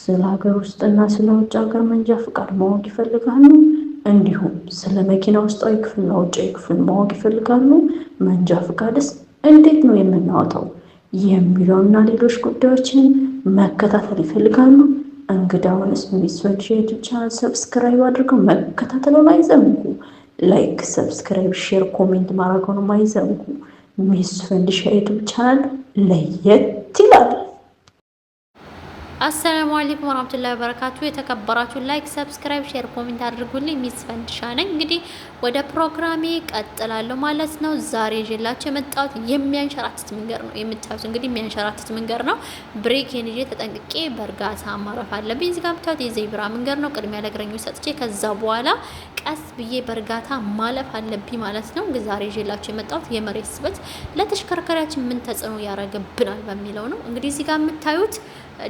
ስለ ሀገር ውስጥና ስለ ውጭ ሀገር መንጃ ፍቃድ ማወቅ ይፈልጋሉ? እንዲሁም ስለ መኪና ውስጣዊ ክፍልና ውጫዊ ክፍል ማወቅ ይፈልጋሉ? መንጃ ፍቃድስ እንዴት ነው የምናወጣው? የሚለውና ሌሎች ጉዳዮችን መከታተል ይፈልጋሉ? እንግዳውንስ ሚሶች የዩቱብ ቻናል ሰብስክራይብ አድርገው መከታተሉ አይዘንጉ። ላይክ፣ ሰብስክራይብ፣ ሼር፣ ኮሜንት ማድረገውን አይዘንጉ። ሚስ ፈንድሻ ዩቱብ ቻናል ለየት ይላል። አሰላሙ አለይኩም ወራህመቱላሂ ወበረካቱ። የተከበራችሁ ላይክ፣ ሰብስክራይብ፣ ሼር፣ ኮሜንት አድርጉልኝ። ሚስ ፈንድሻ ነኝ። እንግዲህ ወደ ፕሮግራሜ ቀጥላለሁ ማለት ነው። ዛሬ ይዤላችሁ የመጣሁት የሚያንሸራትት መንገድ ነው የምታዩት። እንግዲህ የሚያንሸራትት መንገድ ነው። ብሬኬን ይዤ ተጠንቅቄ በእርጋታ ማረፍ አለብኝ። እዚህ ጋር የምታዩት የዜብራ መንገድ ነው። ቅድሚያ ለእግረኞች ሰጥቼ ከዛ በኋላ ቀስ ብዬ በእርጋታ ማለፍ አለብኝ ማለት ነው። እንግዲህ ዛሬ ይዤላችሁ የመጣሁት የመሬት ስበት ለተሽከርካሪያችን ምን ተጽዕኖ ያደርግብናል በሚለው ነው። እንግዲህ እዚህ ጋር የምታዩት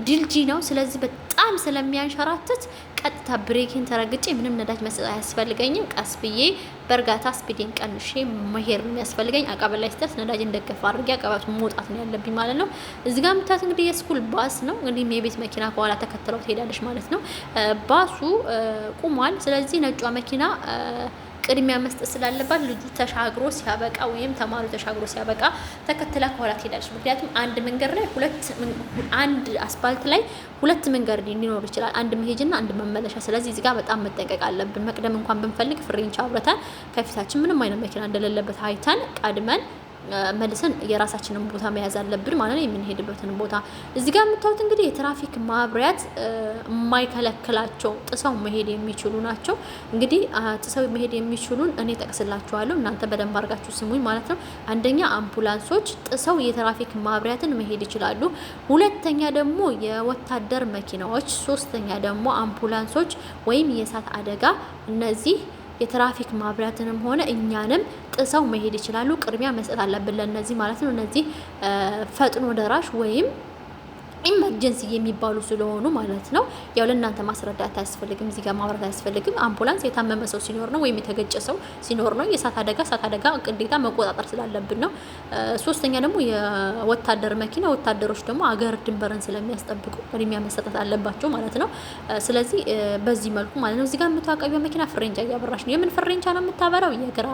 ድልጂ ነው። ስለዚህ በጣም ስለሚያንሸራትት ቀጥታ ብሬኪን ተረግጬ ምንም ነዳጅ መስጠት አያስፈልገኝም። ቀስ ብዬ በእርጋታ ስፒዴን ቀንሼ መሄር ነው የሚያስፈልገኝ። አቀበት ላይ ስደርስ ነዳጅ እንደገፋ አድርጌ አቀበቱ መውጣት ነው ያለብኝ ማለት ነው። እዚ ጋ ምታት እንግዲህ የስኩል ባስ ነው። እንግዲህ የቤት መኪና ከኋላ ተከትለው ትሄዳለች ማለት ነው። ባሱ ቁሟል። ስለዚህ ነጯ መኪና ቅድሚያ መስጠት ስላለባት ልጁ ተሻግሮ ሲያበቃ ወይም ተማሪ ተሻግሮ ሲያበቃ ተከትላ ከኋላ ትሄዳለች። ምክንያቱም አንድ መንገድ ላይ ሁለት አንድ አስፓልት ላይ ሁለት መንገድ ሊኖር ይችላል፣ አንድ መሄጅና አንድ መመለሻ። ስለዚህ እዚህ ጋር በጣም መጠንቀቅ አለብን። መቅደም እንኳን ብንፈልግ ፍሬንቻ አብረታን ከፊታችን ምንም አይነት መኪና እንደሌለበት አይተን ቀድመን መልሰን የራሳችንን ቦታ መያዝ አለብን ማለት ነው፣ የምንሄድበትን ቦታ። እዚህ ጋር የምታዩት እንግዲህ የትራፊክ ማብሪያት የማይከለክላቸው ጥሰው መሄድ የሚችሉ ናቸው። እንግዲህ ጥሰው መሄድ የሚችሉን እኔ ጠቅስላችኋለሁ፣ እናንተ በደንብ አርጋችሁ ስሙኝ ማለት ነው። አንደኛ አምቡላንሶች ጥሰው የትራፊክ ማብሪያትን መሄድ ይችላሉ። ሁለተኛ ደግሞ የወታደር መኪናዎች፣ ሶስተኛ ደግሞ አምቡላንሶች ወይም የእሳት አደጋ እነዚህ የትራፊክ ማብራትንም ሆነ እኛንም ጥሰው መሄድ ይችላሉ። ቅድሚያ መስጠት አለብን ለእነዚህ ማለት ነው። እነዚህ ፈጥኖ ደራሽ ወይም ኢመርጀንሲ የሚባሉ ስለሆኑ ማለት ነው። ያው ለእናንተ ማስረዳት አያስፈልግም፣ እዚህ ጋር ማብራት አያስፈልግም። አምቡላንስ የታመመ ሰው ሲኖር ነው ወይም የተገጨ ሰው ሲኖር ነው። የእሳት አደጋ እሳት አደጋ ግዴታ መቆጣጠር ስላለብን ነው። ሶስተኛ ደግሞ የወታደር መኪና፣ ወታደሮች ደግሞ አገር ድንበርን ስለሚያስጠብቁ ቅድሚያ መሰጠት አለባቸው ማለት ነው። ስለዚህ በዚህ መልኩ ማለት ነው። እዚህ ጋር የምታቀቢው መኪና ፍሬንቻ እያበራች ነው። የምን ፍሬንቻ ነው የምታበራው? የግራ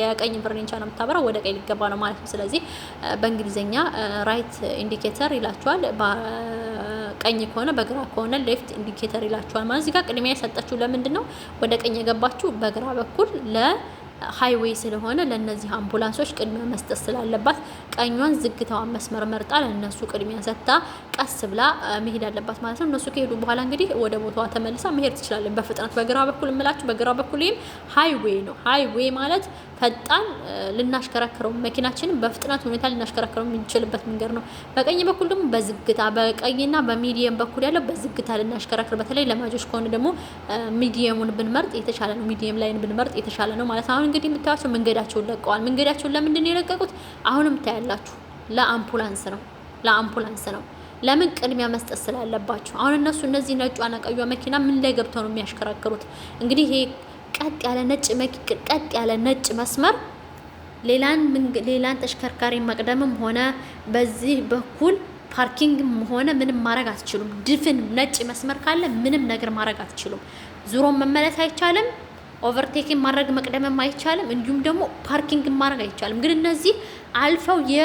የቀኝ ፍሬንቻ ነው የምታበራው። ወደ ቀኝ ሊገባ ነው ማለት ነው። ስለዚህ በእንግሊዝኛ ራይት ኢንዲኬተር ይላቸዋል። ቀኝ ከሆነ በግራ ከሆነ ሌፍት ኢንዲኬተር ይላችኋል ማለት እዚጋ ቅድሚያ የሰጠችው ለምንድን ነው? ወደ ቀኝ የገባችሁ በግራ በኩል ለ ሃይዌይ ስለሆነ ለእነዚህ አምቡላንሶች ቅድሚያ መስጠት ስላለባት ቀኟን ዝግታዋን መስመር መርጣ ለእነሱ ቅድሚያ ሰጥታ ቀስ ብላ መሄድ አለባት ማለት ነው። እነሱ ከሄዱ በኋላ እንግዲህ ወደ ቦታዋ ተመልሳ መሄድ ትችላለን በፍጥነት። በግራ በኩል እምላችሁ፣ በግራ በኩል ይህም ሃይዌይ ነው። ሃይዌይ ማለት ፈጣን ልናሽከረክረው መኪናችንን በፍጥነት ሁኔታ ልናሽከረክረው የምንችልበት መንገድ ነው። በቀኝ በኩል ደግሞ በዝግታ በቀኝና በሚዲየም በኩል ያለው በዝግታ ልናሽከረክር፣ በተለይ ለማጆች ከሆነ ደግሞ ሚዲየሙን ብንመርጥ የተሻለ ነው። ሚዲየም ላይን ብንመርጥ የተሻለ ነው ማለት ነው። አሁን እንግዲህ የምታያቸው መንገዳቸውን ለቀዋል። መንገዳቸውን ለምንድን ነው የለቀቁት? አሁንም ታያላችሁ፣ ለአምቡላንስ ነው። ለአምቡላንስ ነው ለምን ቅድሚያ መስጠት ስላለባቸው። አሁን እነሱ እነዚህ ነጯና ቀዩ መኪና ምን ላይ ገብተው ነው የሚያሽከራክሩት? እንግዲህ ይሄ ቀጥ ያለ ነጭ ቀጥ ያለ ነጭ መስመር ሌላን ተሽከርካሪ መቅደምም ሆነ በዚህ በኩል ፓርኪንግም ሆነ ምንም ማድረግ አትችሉም። ድፍን ነጭ መስመር ካለ ምንም ነገር ማድረግ አትችሉም። ዙሮ መመለስ አይቻልም። ኦቨርቴክን ማድረግ መቅደምም አይቻልም። እንዲሁም ደግሞ ፓርኪንግ ማድረግ አይቻልም። ግን እነዚህ አልፈው የ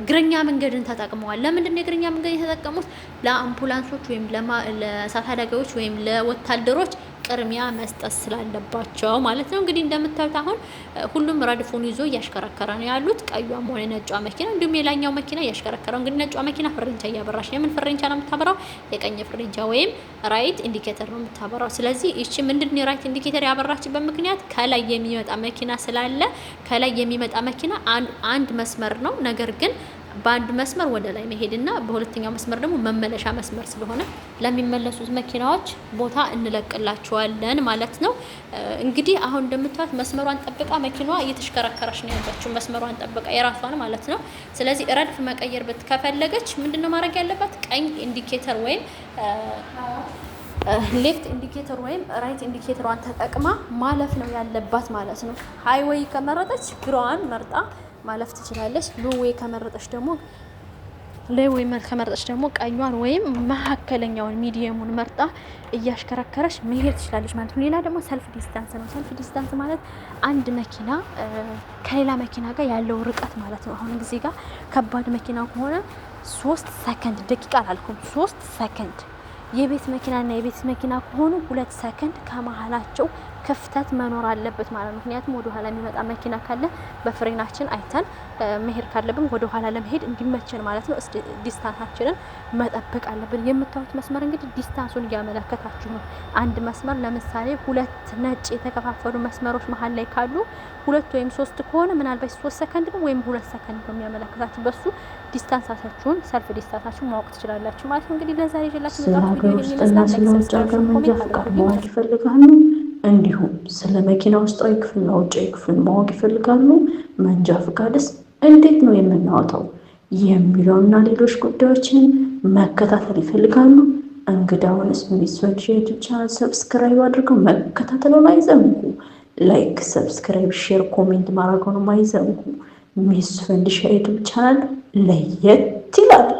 እግረኛ መንገድን ተጠቅመዋል። ለምንድን ነው የእግረኛ መንገድ የተጠቀሙት? ለአምቡላንሶች ወይም ለእሳት አደጋዎች ወይም ለወታደሮች ቅድሚያ መስጠት ስላለባቸው ማለት ነው። እንግዲህ እንደምታዩት አሁን ሁሉም ረድፉን ይዞ እያሽከረከረ ነው ያሉት፣ ቀዩም ሆነ ነጯ መኪና እንዲሁም የላኛው መኪና እያሽከረከረው። እንግዲህ ነጯ መኪና ፍሬንቻ እያበራች ነው። የምን ፍሬንቻ ነው የምታበራው? የቀኝ ፍሬንቻ ወይም ራይት ኢንዲኬተር ነው የምታበራው። ስለዚህ ይቺ ምንድን የራይት ኢንዲኬተር ያበራችበት ምክንያት ከላይ የሚመጣ መኪና ስላለ ከላይ የሚመጣ መኪና አንድ መስመር ነው ነገር ግን በአንድ መስመር ወደ ላይ መሄድና በሁለተኛው መስመር ደግሞ መመለሻ መስመር ስለሆነ ለሚመለሱት መኪናዎች ቦታ እንለቅላቸዋለን ማለት ነው። እንግዲህ አሁን እንደምታዩት መስመሯን ጠብቃ መኪናዋ እየተሽከረከረች ነው ያለችው፣ መስመሯን ጠብቃ የራሷን ማለት ነው። ስለዚህ ረድፍ መቀየር ከፈለገች ምንድነው ማድረግ ያለባት? ቀኝ ኢንዲኬተር ወይም ሌፍት ኢንዲኬተር ወይም ራይት ኢንዲኬተሯን ተጠቅማ ማለፍ ነው ያለባት ማለት ነው። ሀይወይ ከመረጠች ግራዋን መርጣ ማለፍ ትችላለች። ሉዌ ከመረጠች ደግሞ ሌዌ ከመረጠች ደግሞ ቀኟን ወይም መካከለኛውን ሚዲየሙን መርጣ እያሽከረከረች መሄድ ትችላለች ማለት ነው። ሌላ ደግሞ ሰልፍ ዲስታንስ ነው። ሰልፍ ዲስታንስ ማለት አንድ መኪና ከሌላ መኪና ጋር ያለው ርቀት ማለት ነው። አሁን ጊዜ ጋር ከባድ መኪና ከሆነ ሶስት ሰከንድ ደቂቃ አላልኩም፣ ሶስት ሰከንድ የቤት መኪናና የቤት መኪና ከሆኑ ሁለት ሰከንድ ከመሀላቸው ክፍተት መኖር አለበት ማለት ነው። ምክንያቱም ወደ ኋላ የሚመጣ መኪና ካለ በፍሬናችን አይተን መሄድ ካለብን ወደ ኋላ ለመሄድ እንዲመችን ማለት ነው ዲስታንሳችንን መጠበቅ አለብን። የምታዩት መስመር እንግዲህ ዲስታንሱን እያመለከታችሁ ነው። አንድ መስመር ለምሳሌ ሁለት ነጭ የተከፋፈሉ መስመሮች መሀል ላይ ካሉ ሁለት ወይም ሶስት ከሆነ ምናልባት ሶስት ሰከንድ ነው ወይም ሁለት ሰከንድ ነው የሚያመለከታችሁ። በሱ ዲስታንሳችሁን ሰልፍ ዲስታንሳችሁን ማወቅ ትችላላችሁ ማለት ነው። እንግዲህ ለዛሬ ይዤላችሁ መጣሁ። ቪዲዮ ይመስላል ይፈልጋሉ እንዲሁም ስለ መኪና ውስጣዊ ክፍልና ውጫዊ ክፍል ማወቅ ይፈልጋሉ? መንጃ ፈቃድስ እንዴት ነው የምናወጣው? የሚለውና ሌሎች ጉዳዮችን መከታተል ይፈልጋሉ? እንግዳውንስ ሚሶች የዩቱብ ቻናል ሰብስክራይብ አድርገው መከታተሉን አይዘንጉ። ላይክ፣ ሰብስክራይብ፣ ሼር፣ ኮሜንት ማድረገውን አይዘንጉ። ሚስ ፈንድሻ ዩቱብ ቻናል ለየት ይላል።